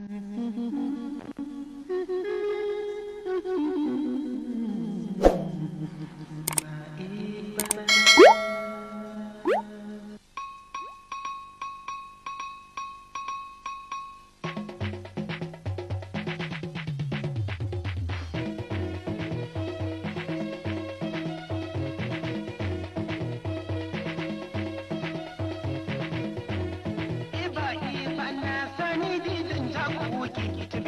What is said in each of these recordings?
Mm-hmm. Thank you do.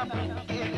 I'm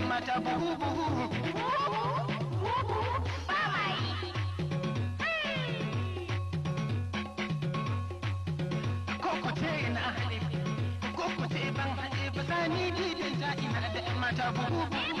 'yan mata buhu buhu. Kokote ina halif, kokote ban halif, sani didin ta ina da 'yan mata buhu buhu.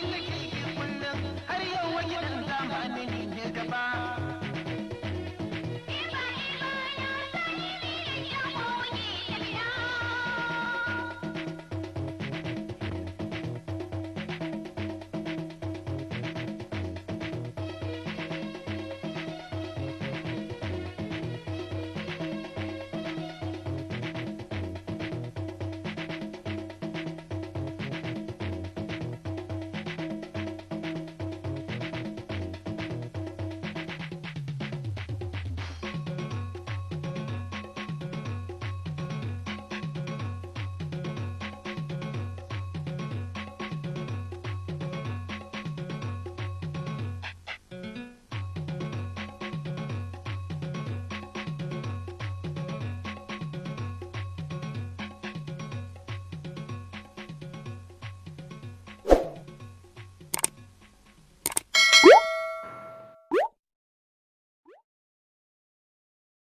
Thank you.